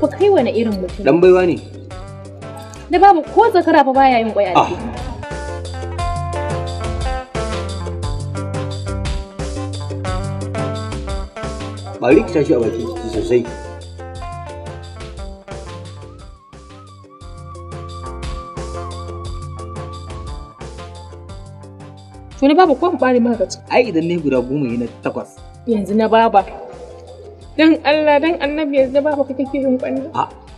Ba kai wani irin mutum. Dan baiwa ne. da babu ko zakara fa baya yin kwai a ah. Bari ki tashi a bakin ciki sosai. To ni babu ko in bare maka ci. Ai idan ne guda goma yana takwas. Yanzu na baba. Dan Allah dan Annabi yanzu na baba kake yin kwanda. A'a. Ah.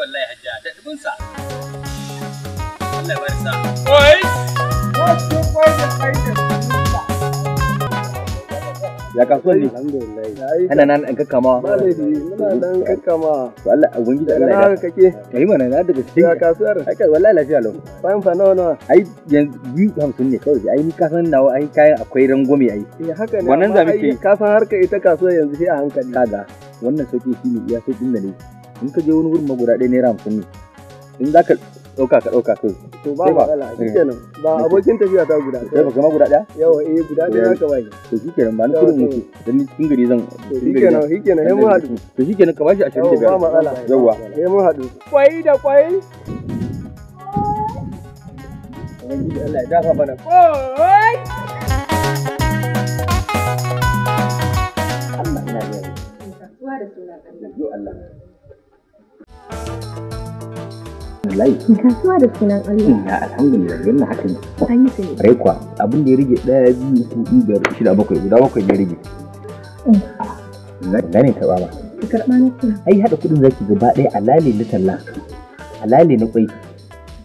wallahi hajja da dubin sa Allah ya sa oi ya kasuwar ne ana nan an kakkama muna nan kakkama to Allah ubangiji Allah ya kake kai mana na daga cikin ya kasuwar ai wallahi lafiya lau bayan fa nawa nawa ai yanzu biyu hamsin ne kawai ai ni kasan nawa ai kayan akwai rangwame ai eh, haka ne wannan zamu ke kasan harka ita kasuwar yanzu sai a hankali kaga wannan sauki shine iya sauƙin da ne in ka je wani wurin ma ɗaya naira hamsin ne in za ka ɗauka ka ɗauka kai to ba matsala eh. ba abokin tafiya ta guda ɗaya ba kama guda ɗaya yawa eh guda ɗaya eh. ka ne. to kenan ba ni kudin mutu dan ni cikin gari zan kenan shi kenan mun haɗu to kenan ka bashi ba matsala yawa sai mun haɗu kwai da kwai Allah ya da Allah. wallahi kasuwa da sunan Allah hmm, ya alhamdulillah yana haka ne an yi su ne rai abin da ya rage ɗaya biyu hudu biyar shida bakwai guda bakwai ya rage. na ne karɓa ba karɓa na ce ai haɗa kuɗin zaki gaba ɗaya alale na talla alale na kwai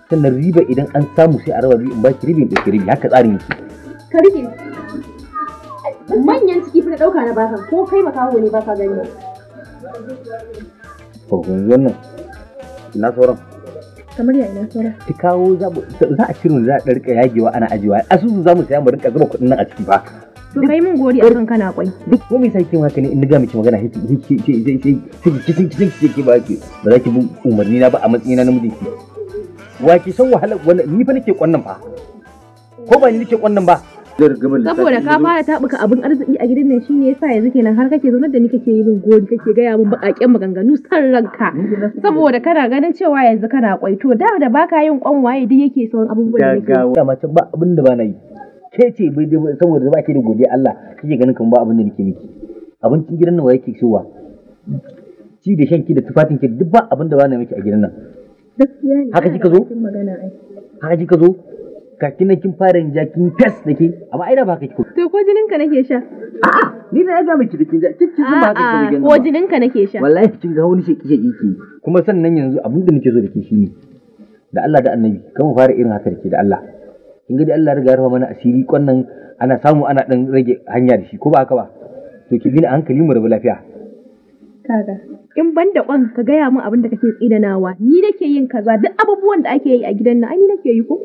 sannan riba idan an samu sai a raba biyu in ba ki ribin ɗauki ribi haka tsarin yake ka rike manyan ciki fi ɗauka na baka ko kai makaho ne baka gani ba. kun zo na sauran kamar yayi na sauran ki kawo za a ciro za a rika yagewa ana ajiyewa asusu za mu saya mu rinka zuba kuɗin nan a ciki ba. to kai mun gori a kan kana kwai duk ko me sai kin haka ne in ga miki magana sai sai sai sai sai sai sai ki ba ki ba za ki bi umarni na ba a matsayin na namiji ki wa ki san wahala ni fa nake kwannan fa ko ba ni nake kwannan ba saboda ka fara tabuka abin arziki a gidan nan shine yasa yanzu kenan har kake zaune da ni kake yi min gori kake gaya min bakaken maganganu san ranka saboda kana ganin cewa yanzu kana kwaito da da baka yin kwan waye duk yake sauran abubuwan da yake mace ba abin da ba na yi ke ce saboda ba ke da godiya Allah kike ganin kan ba abin da nake miki abincin gidan nan waye ke shiwa ci da shanki da tufafin ki duk ba abin da ba na miki a gidan nan haka kika zo haka kika zo ka kina kin fara yin jakin fes da ke amma ai da ba ka kiko to ko jinin ka nake sha a'a ni na ga miki dikin ja kike sun ba ka kiko ko jinin ka nake sha wallahi kin ga wani sheki sheki ki kuma sannan yanzu abin da nake zo da ke shine da Allah da Annabi kan fara irin haka da da Allah kin ga da Allah riga rufa mana asiri kwannan ana samu ana dan rage hanya da shi ko ba haka ba to ki bin hankali mu rabu lafiya kaga in ban da kwan ka gaya min abin da kake tsidanawa ni nake yin kaza duk abubuwan da ake yi a gidan nan ai ni nake yi ko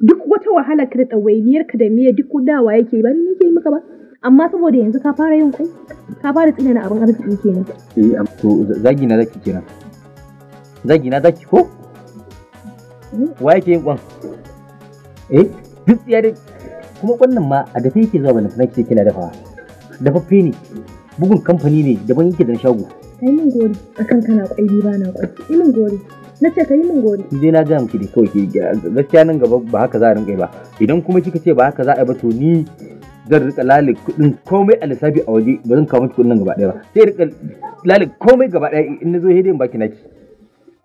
duk wata wahala, ka da ɗawainiyar ka da miya duk kudawa yake ba ni ke yi maka ba amma saboda yanzu ka fara yin kai ka fara tsinana abin arziki ne eh to zagi na zaki kira? zagi na zaki ko hmm? wa yake yin kwan eh duk ya da kuma kwannan ma a dafe yake zuwa ba na ke kina dafawa dafaffe ne bugun kamfani ne daban yake da shago Kai min gori akan kana kwai ba na kwai min gori na ce ka yi min gori ni na ga miki da kawai gaskiya nan gaba ba haka za a rinka yi ba idan kuma kika ce ba haka za a yi ba to ni zan rika lale kudin komai a lissafi a waje ba zan kawo miki kudin nan gaba daya ba sai rika lale komai gaba daya in na zo hede in baki naki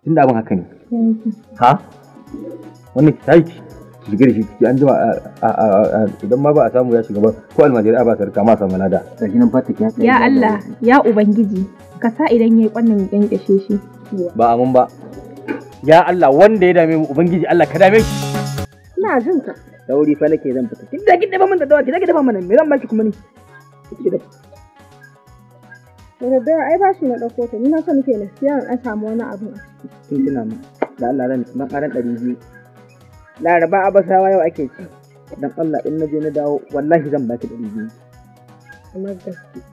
tun da abin haka ne ha wannan ki tashi ki shiga da shi ki an jima idan ma ba a samu ya shiga ba ko almajiri ba rika ma samu lada ya Allah ya ubangiji ka sa idan yayi kwannan ya kyankyashe shi ba mun ba ya Allah wanda ya dame mu ubangiji Allah ka dame shi ina jin ka sauri fa nake zan fita kin da kin dafa min da dawa kin da dafa mana me zan baki kuma ni kike da da da ai bashi na dauko ta ni na so nake na siya an samu wani abu a kin mu da Allah ran nan aran 200 laraba abasawa yau ake ci dan Allah in naje na dawo wallahi zan baki 200 amma gaskiya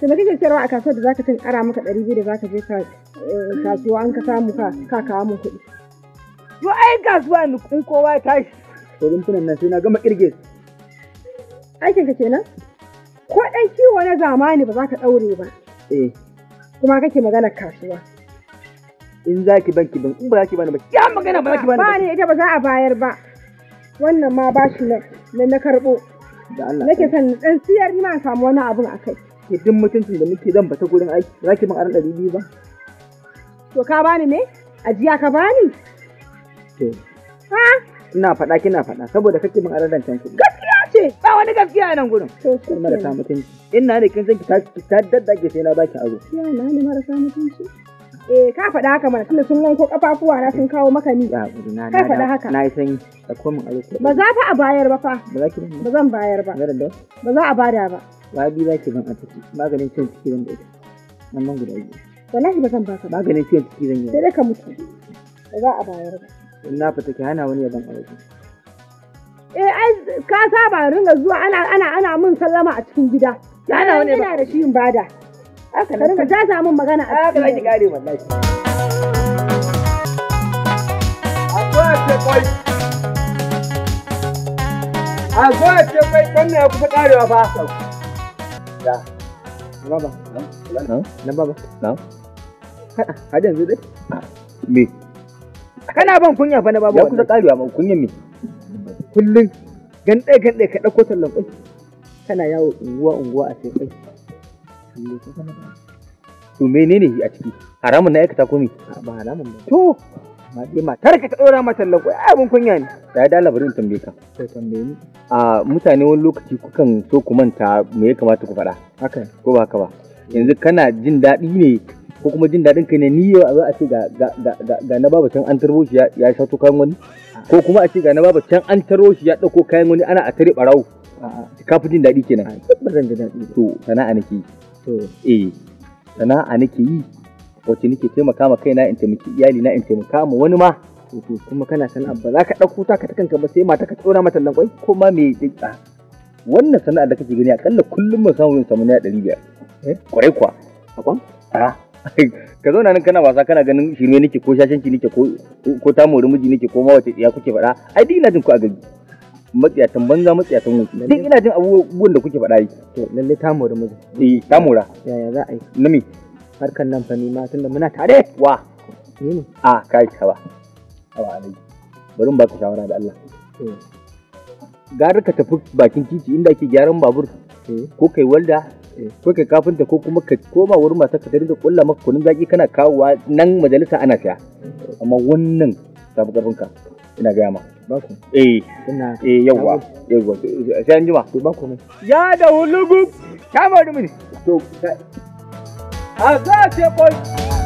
sai maka jirgin sayarwa a kasuwar da zaka tun ara maka ɗari biyu da zaka je eh, kasuwa an ka samu ka ka kawo mun kuɗi. Yo ai kasuwa ni kun kowa ya tashi. To rumfunan nan sai na gama kirge. Aikin ka kenan? Ko ɗan kiwo na zamani ba za ka ɗaure ba. Eh. Kuma kake maganar kasuwa. In za ki banki ban in ba za ki bani ba. Ya magana ba za ki bani ba. Ba ne ita ba za a bayar ba. Wannan ma bashi na na karɓo. Da Allah. Nake son ɗan siyar ni ma samu wani abu a kai. ke duk mutuncin da muke zan bata gurin aiki za ki min aran ɗari biyu ba. To ka bani ne? Ajiya ka bani? To. Ha? Ina faɗa kina faɗa saboda kake min aran rancen kuɗi. Gaskiya ce ba wani gaskiya nan gurin. To shi marasa mutunci. Ina da kin zan ki ta daddage sai na baki aro. Ya na ne marasa mutunci. Eh ka faɗa haka mana tunda sun wanko kafafuwa na sun kawo maka ni. Ka faɗa haka. Na yi sanyi da komin aro. Ba za fa a bayar ba fa. Ba za ki ba. Ba zan bayar ba. Ba za a bada ba. Wabi ba ke ban a ciki maganin ciwon ciki zan ɗauka man guda biyu wallahi ba zan baka maganin ciwon ciki zan yi sai dai ka mutu ba za a bayar ba in na fita ki hana wani ya ban aure eh ai ka saba ringa zuwa ana ana ana mun sallama a cikin gida ana wani ba da shi in bada haka ka ringa ta magana a cikin haka kare wallahi a zo ce kwai wannan ya kusa karewa fa Ya. Na baba. Na? Na baba. Na? Har yanzu dai? Me? Kana ban kunya fa na babu baba. Ya kusa karewa ban kunya me? Kullum gan ɗaya gan ɗaya ka ɗauko tallan kwai. Kana yawo unguwa unguwa a sai kwai. To menene a ciki? Haramun na aikata ko me? Ba haramun ba. To ma dai ka ta ɗora mata lagwai ai abin kunya ne da ya dala bari in tambaye ka sai tambaye ni a mutane wani lokaci kukan so ku manta me ya kamata ku faɗa haka ko ba ka ba yanzu kana jin daɗi ne ko kuma jin daɗin kai ne ni yau a ce ga ga na baba an tarbo shi ya sha to kayan wani ko kuma a ce ga na baba an tarbo shi ya ɗauko kayan wani ana a tare ɓarawo ka fi jin daɗi kenan ba zan ji daɗi to sana'a nake yi to eh sana'a nake yi wacce nake taimaka ma kaina in taimaki iyali na in taimaka ma wani ma to kuma kana sana'a ba za ka ɗauko ta ka kanka ba sai mata ka tsora mata nan kwai ko ma me dinka wannan sana'a da kake gani akalla kullum mun samu samu na biyar. kwarai eh? kuwa akwan a ka zauna nan kana wasa kana ganin shirme nake ko shashanci nake ko ko tamori miji nake ko ma wace tsiya kuke faɗa ai duk ina jin ku a gari matsiyatan banza matsiyatan wuce duk ina jin abubuwan da kuke faɗa yi to lalle tamori miji eh tamora yaya za a yi na me harkar nan Fani ni ma tunda muna tare wa ni a kai hawa hawa alai bari mu baka shawara da Allah eh. gara ka tafi bakin titi inda ake gyaran babur eh. ko kai walda eh. ko kai kafinta ko kuma ka koma wurin matar ka da kulla maka kunun zaki kana kawowa nan majalisa ana saya amma wannan tafi ka ina gaya ma baku eh ina eh yawa yawa sai an jima to baku ne ya da hulugu ka mini to àgbà àṣepọ̀ yìí.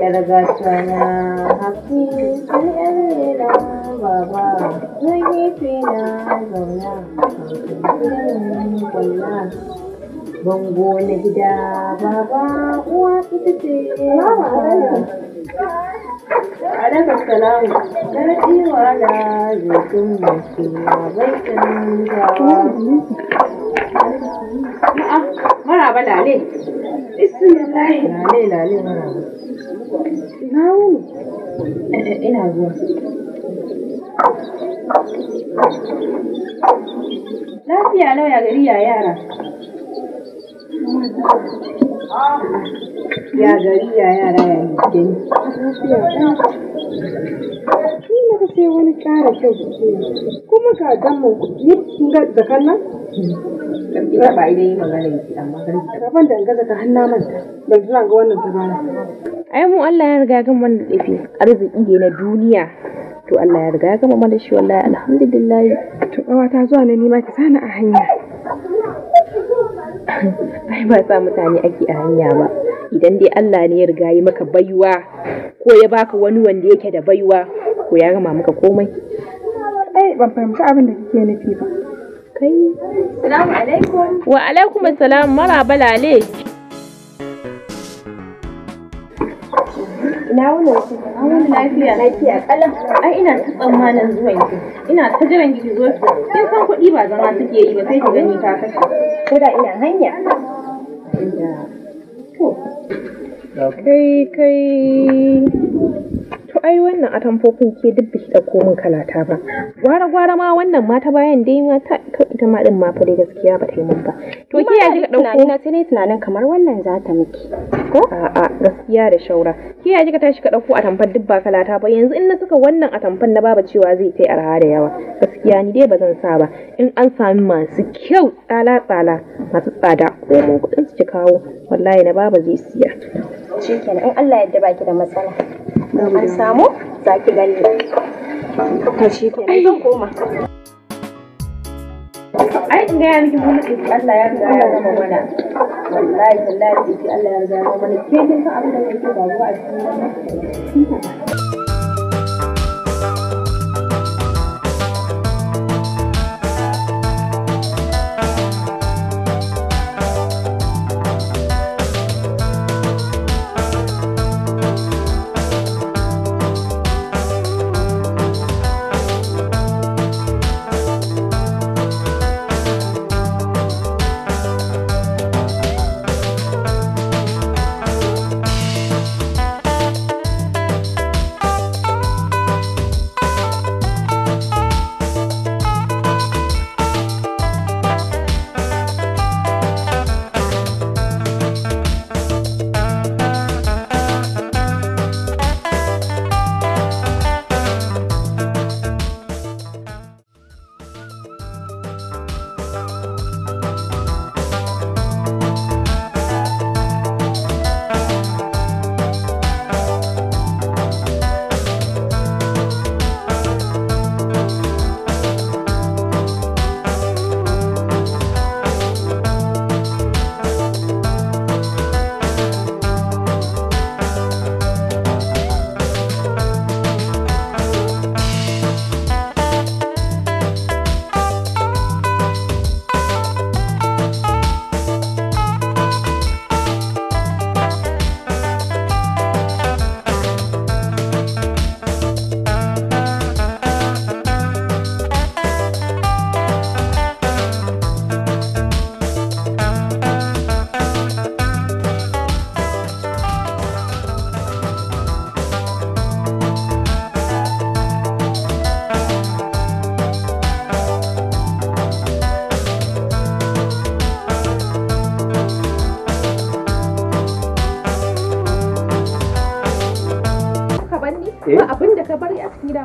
yar gata na hafi yar rera baba na gefe na zauna kamfanin bango na gida baba uwa ita ce Alaka salamu, sarki wa da zutun masu bai canza. Maraba lale, bismillah. Lale lale ba. Eh, Na wuni? Lafiya gari ya yara. Ya gari ya yara ya gani. sai wani ƙara kyau kuma ga ga Jam'ila ba idan yi magana yake amma garin da gaban da gaza ka hanna manta ban zuwa ga wannan tabara. Ai mu Allah ya riga gama da dafi arziki ne na duniya. To Allah ya riga ya gama mana shi wallahi alhamdulillah. To ta zuwa na nima ki sani a hanya. Ai ba sa mutane ake a hanya ba. Idan dai Allah ne ya riga yi maka baiwa ko ya baka wani wanda yake da baiwa ko ya gama maka komai. Ai ban fahimci abin da kike nufi ba. kai Assalamu alaikum Wa alaikum assalam maraba lale Ina wani wasu, An wuni lafiya lafiya kalam. Ai ina ta tsammanin zuwan ki. Ina ta jiran ki zo ki. Kin san kuɗi ba zama suke yi ba sai ki gani ta kashe. Ko da ina hanya. Kai kai to ai wannan atamfofin ke duk biki da komin kalata ba gwara gwara ma wannan mata bayan dai ta ita ma din ma fa dai gaskiya ba ta yi min ba to ki ya kika dauko na sai tunanin kamar wannan za ta miki ko a'a gaskiya da shaura ki ya kika tashi ka dauko atamfar duk ba kalata ba yanzu in na saka wannan atamfan na baba cewa zai kai arha da yawa gaskiya ni dai ba zan sa ba in an sami masu kyau tsala tsala masu tsada ko mun kuɗin su kawo wallahi na baba zai siya shikenan in Allah ya yarda baki da matsala an samu zaki gani to shikenan zan koma ai in gaya miki mun ki Allah ya riga ya zama mana wallahi wallahi ki Allah ya riga ya zama mana ke kin san abin da yake faruwa a cikin wannan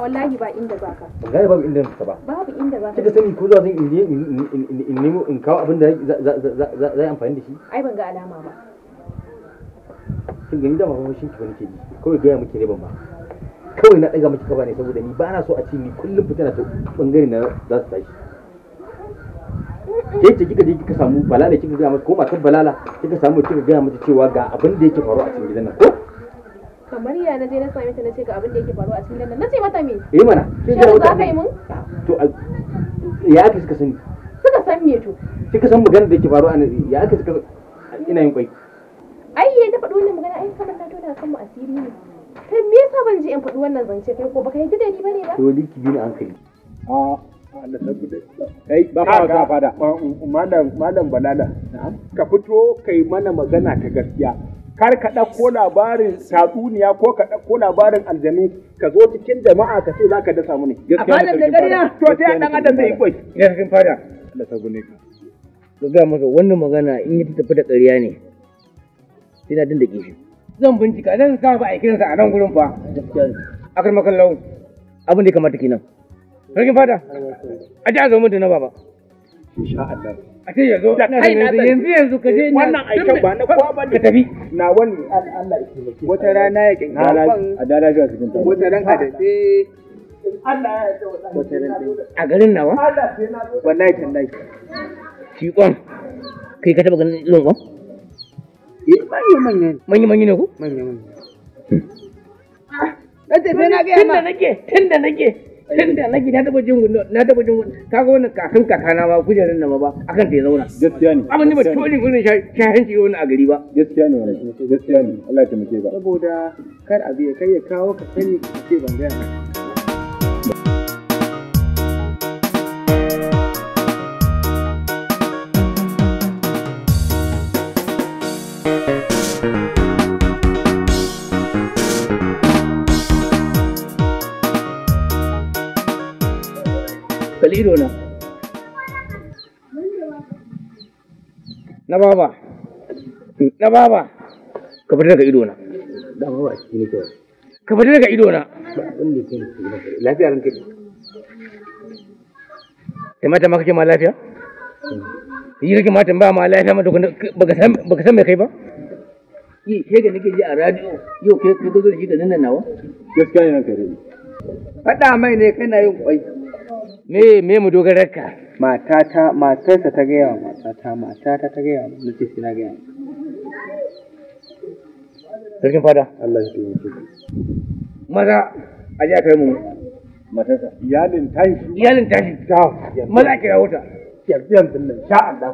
wallahi ba inda ba wallahi babu inda ka ba babu inda ba kika sani ko zuwa zan in in nemo in kawo abin da za za amfani da shi ai ban ga alama ba kin gani da mafi shin ba nake ji kawai gaya miki ne ban ba kawai na daga miki kaba ne saboda ni ba na so a ci ni kullum fitina ta bangare na za su tashi ke ce kika je kika samu balala kika gaya mata ko matar balala kika samu kika gaya mata cewa ga abin da yake faru a cikin gidan nan ko kamar ya na je na same ta na ce ga abin da yake faruwa a cikin dandan na ce mata me eh mana shi da za ka yi mun to ya aka suka sani suka san me to kika san magana da yake faruwa a nan ya aka suka ina yin kwai ai yanda faɗi wannan magana ai kamar na tona kan mu asiri ne kai me yasa ban je in faɗi wannan zance kai ko baka yi da ni bane ba to diki bi ni hankali ah, a kai ba fa ka fada um, um, malam malam balala ka fito kai mana magana ta gaskiya kar ka ɗauko labarin tatsuniya ko ka ɗauko labarin aljanu ka zo cikin jama'a ka ce za ka dasa mu ne. A fadar da gari na to ta ɗan adam zai yi kwai. Ya cikin fada. Da ka gune ka. Ka masa wannan magana in yi tafi da ƙarya ne. Sai na din da gishi. Zan bincika zan sa ba a kiransa a nan gurin fa. A kan makallau abin da ya kamata kenan. Sarkin fada. A ji a zo da na baba. Insha Allah. a ce yanzu? da kai yanzu yanzu ka je wannan aikin ba na kowa bane ka tafi na wani Allah ya taimake wata rana ya kin a dala ga cikin ta wata ranka da sai Allah ya yarda wata a garin nawa Allah sai na zo wallahi tallahi ki kon kai ka taba ganin ilon kon eh manya manya manya manya ne ko manya manya ah. na tafi na ga yana tunda nake tunda nake dan da na gida taba jin gundo na taba jin gundo kaga wannan kakan kakana ba kujerin nan ba akan ta zauna gaskiya ne abin da ba tolin gurin shahin ci wani a gari ba gaskiya ne wannan gaskiya ne Allah ya taimake ka saboda kar abi kai ya kawo ka sani ka ce ban ga ido na na baba na baba ka fita daga ido na da baba ne ka fita daga ido na lafiya mata ma kake ma lafiya yi kake mata ba ma lafiya ma baka san baka san kai ba yi ke ga nake ji a radio yau shi nan nawa gaskiya ne mai ne yin kwai me me mu dogarar ka matata matarsa ta gaya wa matata matata ta gaya wa nace sai na gaya sarkin fada Allah ya tuwa ki maza a ji a kai mu matarsa iyalin tashi iyalin tashi ta maza a kira wuta yanzu yanzu nan sha Allah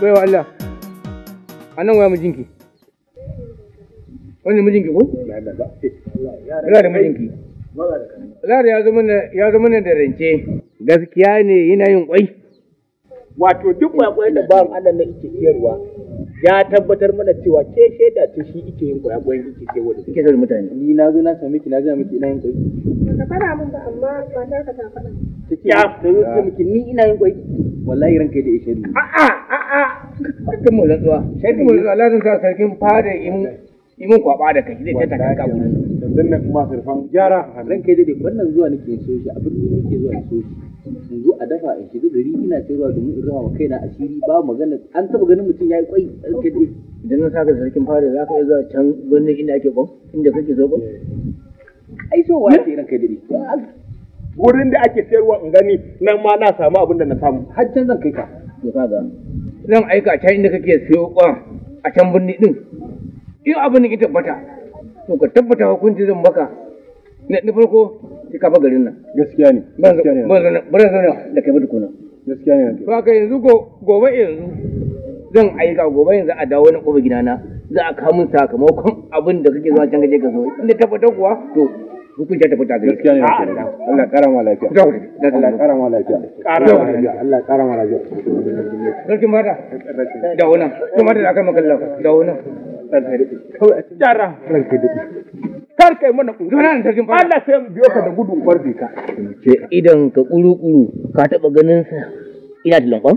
baiwa Allah a nan waya mijinki wani mijinki ko? Yana da mijinki. Zara ya zama na da rance gaskiya ne yana yin kwai. Wato duk kwakwai da ba Allah na ike siyarwa ya tabbatar mana cewa ke shaida ce shi ike yin kwakwai ike siyarwa da ike siyarwa mutane. Ni na zo na sami ki na zo miki ina yin kwai. Ka fara mun ba amma ta ka ta fara Ya, ta zo ce miki ni ina yin ƙwai. Wallahi ranka da ishe ni. A'a. sarkin mu rantsuwa sarkin mu rantsuwa lazin sa sarkin fada mun kwaba da kai zai ta ta takan kabu yanzu nan kuma sirfan gyara ran kai dai wannan zuwa nake so shi abin da nake zuwa so shi in zo a dafa in shiga gari ina cewa domin in rawa kaina asiri ba magana an taba ganin mutum yayi kwai kai dai idan na saka sarkin fada za ka iya zuwa can birnin inda ake kwan inda kake zo kwan ai so wa ke ran kai dai wurin da ake sayarwa in gani nan ma na samu abin da na samu har can zan kai ka to kaga zan aika can inda kake siyo kwan a can birni din in abin da ke tabbata to ka tabbata hukunci zan maka na farko ki kafa garin nan gaskiya ne ban zauna da kai ba kuna gaskiya ne to haka yanzu gobe yanzu zan aika gobe yanzu a dawo na kobe gidana za a mun sakamakon abin da kake zuwa can gaje ka zo inda tabbata kuwa to hukuncin ta fita ka Allah kara ma lafiya Allah kara ma lafiya kara ma lafiya Allah kara ma lafiya sarki mata da wannan da aka maka Allah da wannan kar kai mana Allah sai biyo ka da ka idan ka kuru ka taba ganin sa ina da lankwan?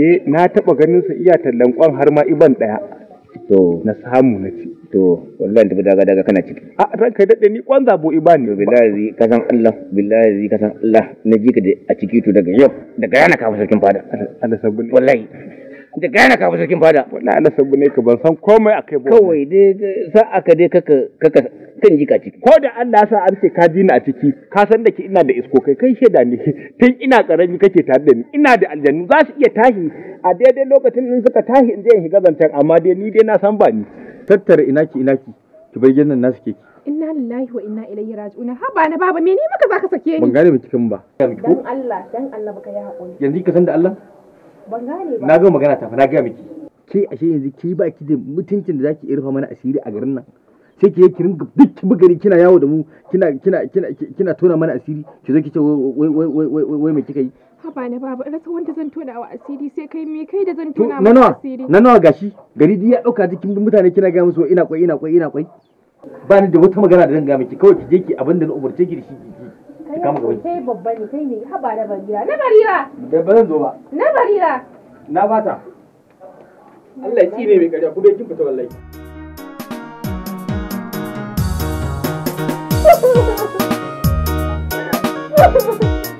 eh na taba ganin sa iya har ma iban daya to na samu na ci to wallahi tafi daga daga kana ciki a kai daɗe ni kwanza bo ibani to billahi ka san Allah billahi ka san Allah na ji ka a ciki to daga yau daga yana ka sarkin fada Allah sabbin wallahi da gane ka sarkin fada wallahi Allah sabu ne ka ban san komai akai ba kawai dai sa aka dai kaka kaka kan jika ciki ko da Allah ya sa an ce ka dina a ciki ka san da ke ina da isko kai kai sheda ne tun ina karami kake tare da ni ina da aljannu za su iya tahi a daidai lokacin in suka tahi in je in shiga zantan amma dai ni dai na san ba ni tattara ina ki ina ki ki bayyana nasu keke inna lillahi wa inna ilaihi raji'un haba na baba me ne maka zaka sake ni ban gane ba kikan ba dan Allah dan Allah baka ya hakuri yanzu ka san da Allah Na ga magana ta fa na ga miki. Ke ashe yanzu ke ba ki da mutuncin da zaki irfa mana asiri a garin nan. Sai ki kirin duk bugari kina yawo da mu kina kina kina kina tona mana asiri ki zo ki ce wai wai wai wai wai me kika yi. Haba na baba rasa wanda zan tona wa asiri sai kai me kai da zan tona wa asiri. Na nawa gashi gari dai ya dauka jikin mutane kina ga musu ina kwai ina kwai ina kwai. Ba ni da wata magana da zan ga miki kawai ki je ki abinda na umurce ki da shi. kama maka kai babba ne kai ne barira barira da ba ba na barira na bata mai Ha ha ha ha!